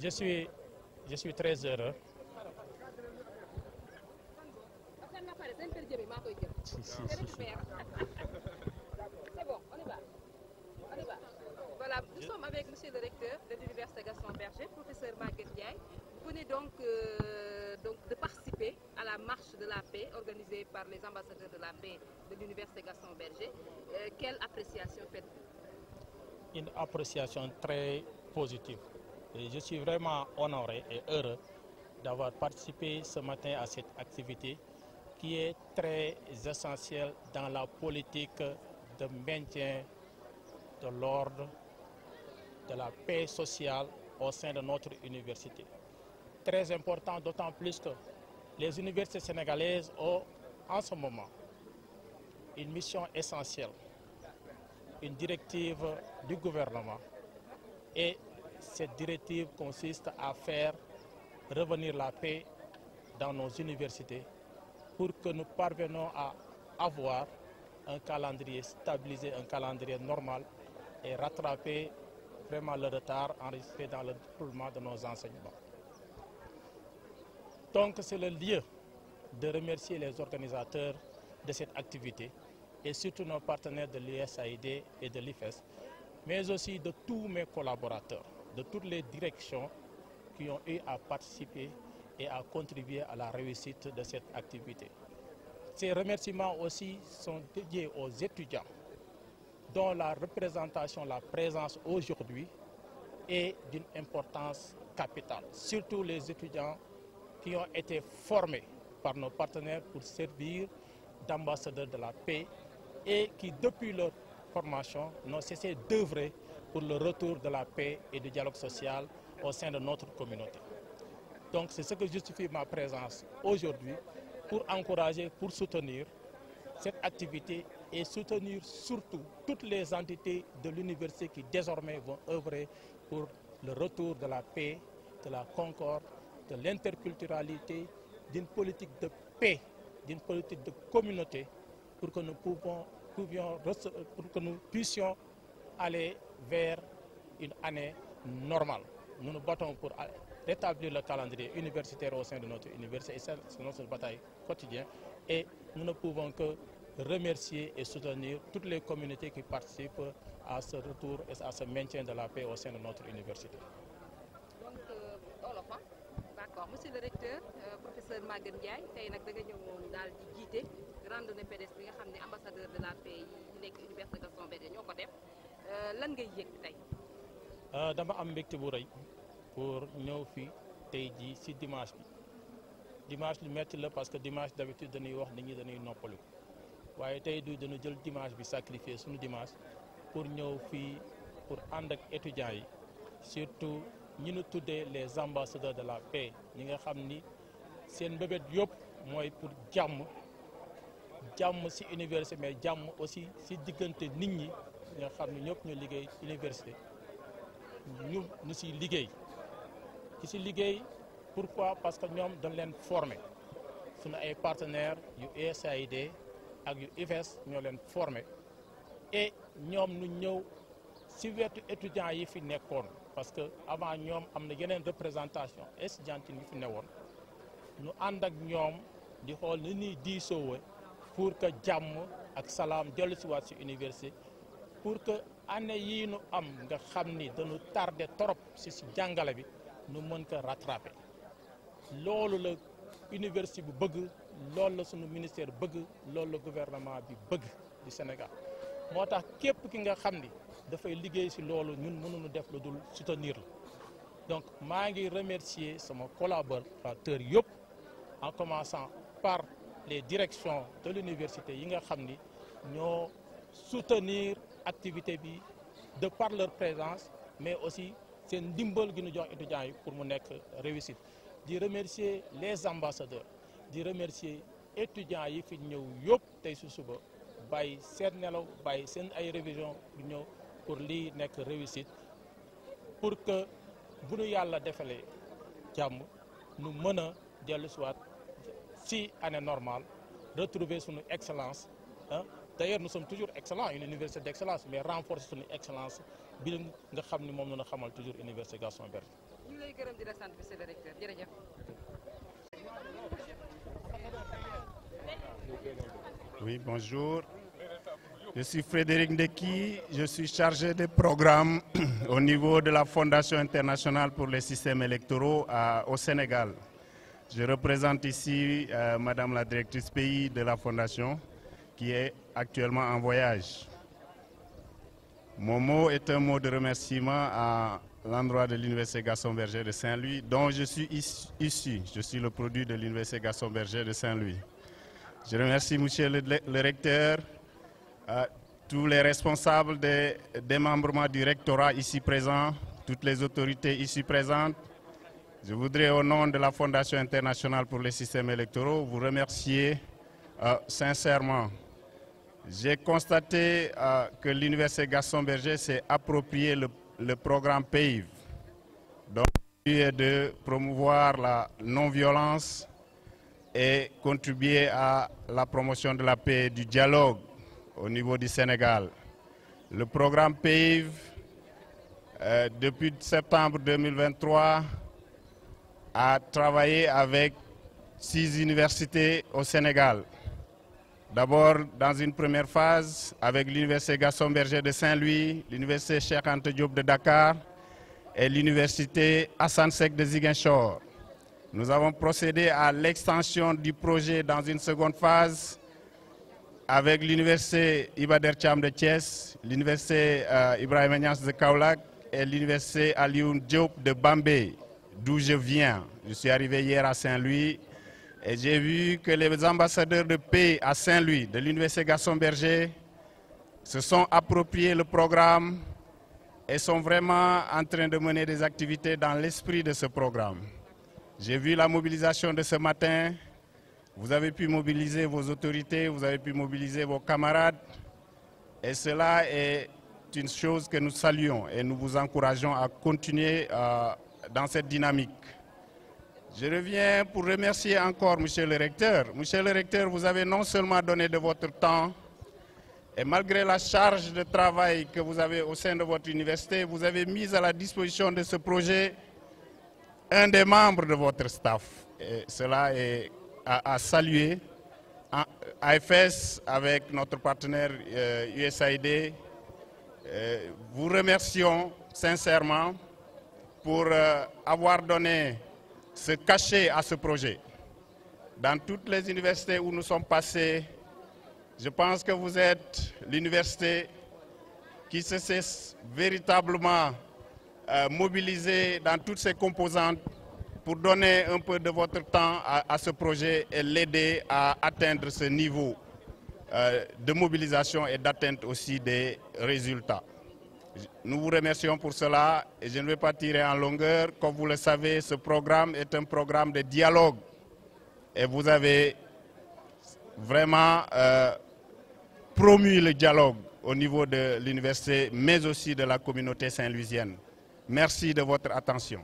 Je suis, je suis très heureux. Si, si, Voilà, nous sommes avec M. le recteur de l'Université Gaston Berger, professeur Marguerite Diaye. Vous venez donc, donc euh, de participer à la marche de la paix organisée par les ambassadeurs de la paix de l'Université Gaston Berger. Euh, quelle appréciation faites-vous Une appréciation très positive je suis vraiment honoré et heureux d'avoir participé ce matin à cette activité qui est très essentielle dans la politique de maintien de l'ordre, de la paix sociale au sein de notre université. Très important, d'autant plus que les universités sénégalaises ont en ce moment une mission essentielle, une directive du gouvernement et cette directive consiste à faire revenir la paix dans nos universités pour que nous parvenions à avoir un calendrier stabilisé, un calendrier normal et rattraper vraiment le retard enregistré dans le déroulement de nos enseignements. Donc c'est le lieu de remercier les organisateurs de cette activité et surtout nos partenaires de l'USAID et de l'IFES, mais aussi de tous mes collaborateurs de toutes les directions qui ont eu à participer et à contribuer à la réussite de cette activité. Ces remerciements aussi sont dédiés aux étudiants dont la représentation, la présence aujourd'hui est d'une importance capitale. Surtout les étudiants qui ont été formés par nos partenaires pour servir d'ambassadeurs de la paix et qui, depuis leur formation, n'ont cessé d'œuvrer pour le retour de la paix et du dialogue social au sein de notre communauté. Donc c'est ce que justifie ma présence aujourd'hui pour encourager, pour soutenir cette activité et soutenir surtout toutes les entités de l'université qui désormais vont œuvrer pour le retour de la paix, de la concorde, de l'interculturalité, d'une politique de paix, d'une politique de communauté pour que nous, pour que nous puissions aller vers une année normale. Nous nous battons pour rétablir le calendrier universitaire au sein de notre université. C'est notre bataille quotidienne. Et nous ne pouvons que remercier et soutenir toutes les communautés qui participent à ce retour et à ce maintien de la paix au sein de notre université. Donc, euh, hein? d'accord. Monsieur le recteur, euh, professeur Magan da nga di de la paix euh, lan ngay yëg tey. Euh, dama am mbégte bu rëy pour ñëw fi tey jii si dimanche bi dimanche lu metti la parce que dimanche d'habitude dañuy wax nit ñi dañuy noppalu waaye tey du dañu jël dimanche bi sacrifier suñu dimanche pour ñëw fii pour ànd ak étudiants yi surtout ñi tudé les ambassadeurs de la paix ñi nga xam ni seen mbébét yëpp pour jàmm jàmm si université mais jàmm aussi si diggante nit ñi. Nous sommes tous université sommes pourquoi parce que nous sommes formés. Nous sommes partenaires yu USAID e e et yu IFES et nous sommes étudiants parce que nous, avons une une représentation Nous yi fi ñu pour que pour que année yi nu am nga xam ni dañu tardé trop si si jàngale bi nous mën ko rattraper loolu la université bu bëgg loolu la ministère bëgg loolu gouvernement bi bëgg di Sénégal motax képp ki nga xam ni fay liggéey si loolu ñun ñu def lu dul soutenir donc ma ngi remercier sama collaborateur yëpp en commençant par les directions de l'université yi nga xam ni ñoo soutenir activité bi de par leur présence mais aussi seen dimbal gi ñu jox étudiants yi pour mu nekk réussite di remercier les ambassadeurs di remercier étudiants yi fi ñew yop tay su suba bàyyi seen nelaw bàyyi seen ay révision bu ñew pour li nekk réussite pour que bu nu yàlla defalee jàmm nu mëna délu dellu siwaat si année normale retrouver son excellence hein d'ailleurs nous sommes toujours excellents une université d'excellence mais renforcer son excellence université Gaston Oui, bonjour. Je suis Frédéric Ndeki, je suis chargé des programmes au niveau de la Fondation internationale pour les systèmes électoraux au Sénégal. Je représente ici euh, Madame la directrice pays de la Fondation, qui est actuellement en voyage. Mon mot est un mot de remerciement à l'endroit de l'Université Gaston Berger de Saint-Louis, dont je suis issu. Je suis le produit de l'Université Gaston Berger de Saint-Louis. Je remercie Monsieur le, recteur, euh, tous les responsables des démembrements du rectorat ici présents, toutes les autorités ici présentes. Je voudrais, au nom de la Fondation internationale pour les systèmes électoraux, vous remercier euh, sincèrement j'ai constaté euh, que l'Université Gaston Berger s'est approprié le, programme PAIV. Donc, est de promouvoir la non-violence et contribuer à la promotion de la paix et du dialogue au niveau du Sénégal. Le programme PAIV, euh, depuis septembre 2023, a travaillé avec six universités au Sénégal. D'abord, dans une première phase, avec l'Université Gaston Berger de Saint-Louis, l'Université Cheikh Ante Diop de Dakar et l'Université Hassan Sek de Ziguinchor. Nous avons procédé à l'extension du projet dans une seconde phase avec l'Université Ibader Cham de Thiès, l'Université euh, Ibrahim de Kaulak et l'Université Alioun Diop de Bambé, d'où je viens. Je suis arrivé hier à Saint-Louis et j'ai vu que les ambassadeurs de paix à Saint-Louis de l'Université garçon Berger se sont appropriés le programme et sont vraiment en train de mener des activités dans l'esprit de ce programme. J'ai vu la mobilisation de ce matin. Vous avez pu mobiliser vos autorités, vous avez pu mobiliser vos camarades. Et cela est une chose que nous saluons et nous vous encourageons à continuer euh, dans cette dynamique. Je reviens pour remercier encore Monsieur le recteur. Monsieur le recteur, vous avez non seulement donné de votre temps, et malgré la charge de travail que vous avez au sein de votre université, vous avez mis à la disposition de ce projet un des membres de votre staff. cela est à, à saluer. AFS, avec notre partenaire USAID, euh, euh, vous remercions sincèrement pour euh, avoir donné se cacher à ce projet. Dans toutes les universités où nous sommes passés, je pense que vous êtes l'université qui se véritablement euh, mobilisée dans toutes ses composantes pour donner un peu de votre temps à, ce projet et l'aider à atteindre ce niveau euh, de mobilisation et d'atteinte aussi des résultats. Nous vous remercions pour cela et je ne vais pas tirer en longueur. Comme vous le savez, ce programme est un programme de dialogue et vous avez vraiment euh, promu le dialogue au niveau de l'université, mais aussi de la communauté saint-louisienne. Merci de votre attention.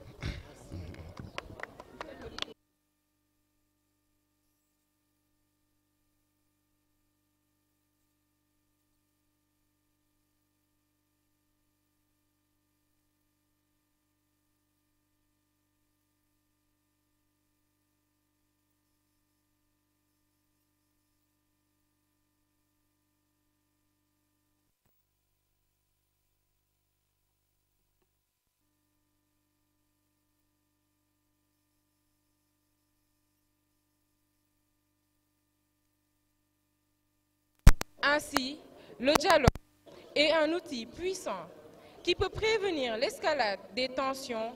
Ainsi, le dialogue est un outil puissant qui peut prévenir l'escalade des tensions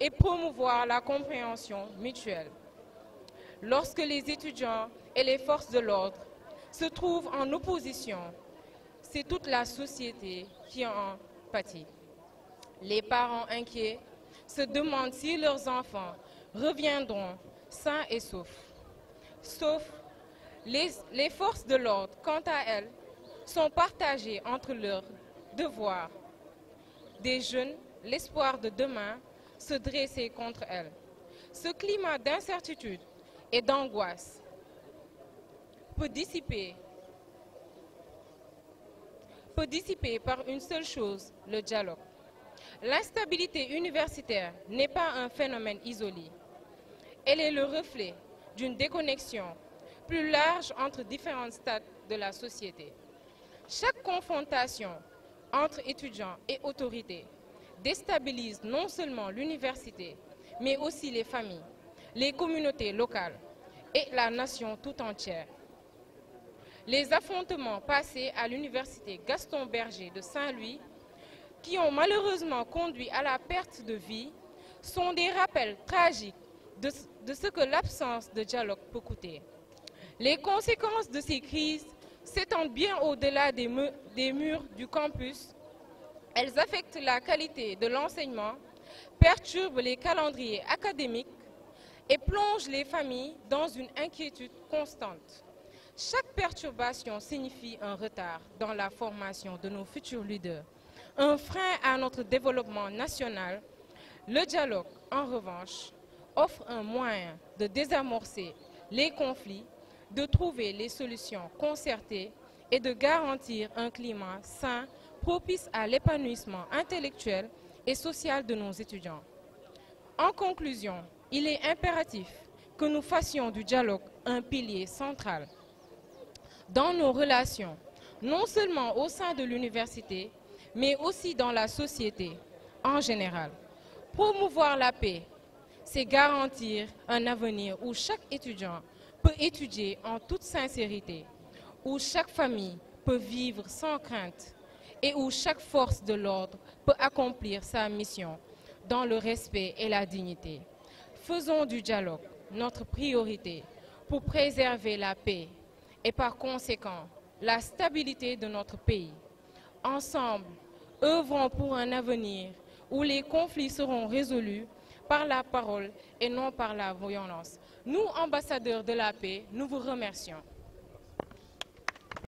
et promouvoir la compréhension mutuelle. Lorsque les étudiants et les forces de l'ordre se trouvent en opposition, c'est toute la société qui en pâtit. Les parents inquiets se demandent si leurs enfants reviendront sains et saufs, sauf les, forces de l'ordre, quant à elles, sont partagées entre leurs devoirs des jeunes, l'espoir de demain, se dresser contre elles. Ce climat d'incertitude et d'angoisse peut dissiper, peut dissiper par une seule chose, le dialogue. L'instabilité universitaire n'est pas un phénomène isolé. Elle est le reflet d'une déconnexion plus large entre différents stades de la société. Chaque confrontation entre étudiants et autorités déstabilise non seulement l'université, mais aussi les familles, les communautés locales et la nation tout entière. Les affrontements passés à l'université Gaston Berger de Saint-Louis, qui ont malheureusement conduit à la perte de vie, sont des rappels tragiques de, ce que l'absence de dialogue peut coûter. Les conséquences de ces crises s'étendent bien au-delà des, murs du campus. Elles affectent la qualité de l'enseignement, perturbent les calendriers académiques et plongent les familles dans une inquiétude constante. Chaque perturbation signifie un retard dans la formation de nos futurs leaders, un frein à notre développement national. Le dialogue, en revanche, offre un moyen de désamorcer les conflits de trouver les solutions concertées et de garantir un climat sain propice à l'épanouissement intellectuel et social de nos étudiants. En conclusion, il est impératif que nous fassions du dialogue un pilier central dans nos relations, non seulement au sein de l'université, mais aussi dans la société en général. Promouvoir la paix, c'est garantir un avenir où chaque étudiant peut étudier en toute sincérité, où chaque famille peut vivre sans crainte et où chaque force de l'ordre peut accomplir sa mission dans le respect et la dignité. Faisons du dialogue notre priorité pour préserver la paix et par conséquent la stabilité de notre pays. Ensemble, œuvrons pour un avenir où les conflits seront résolus par la parole et non par la violence. Nous, ambassadeurs de la paix, nous vous remercions.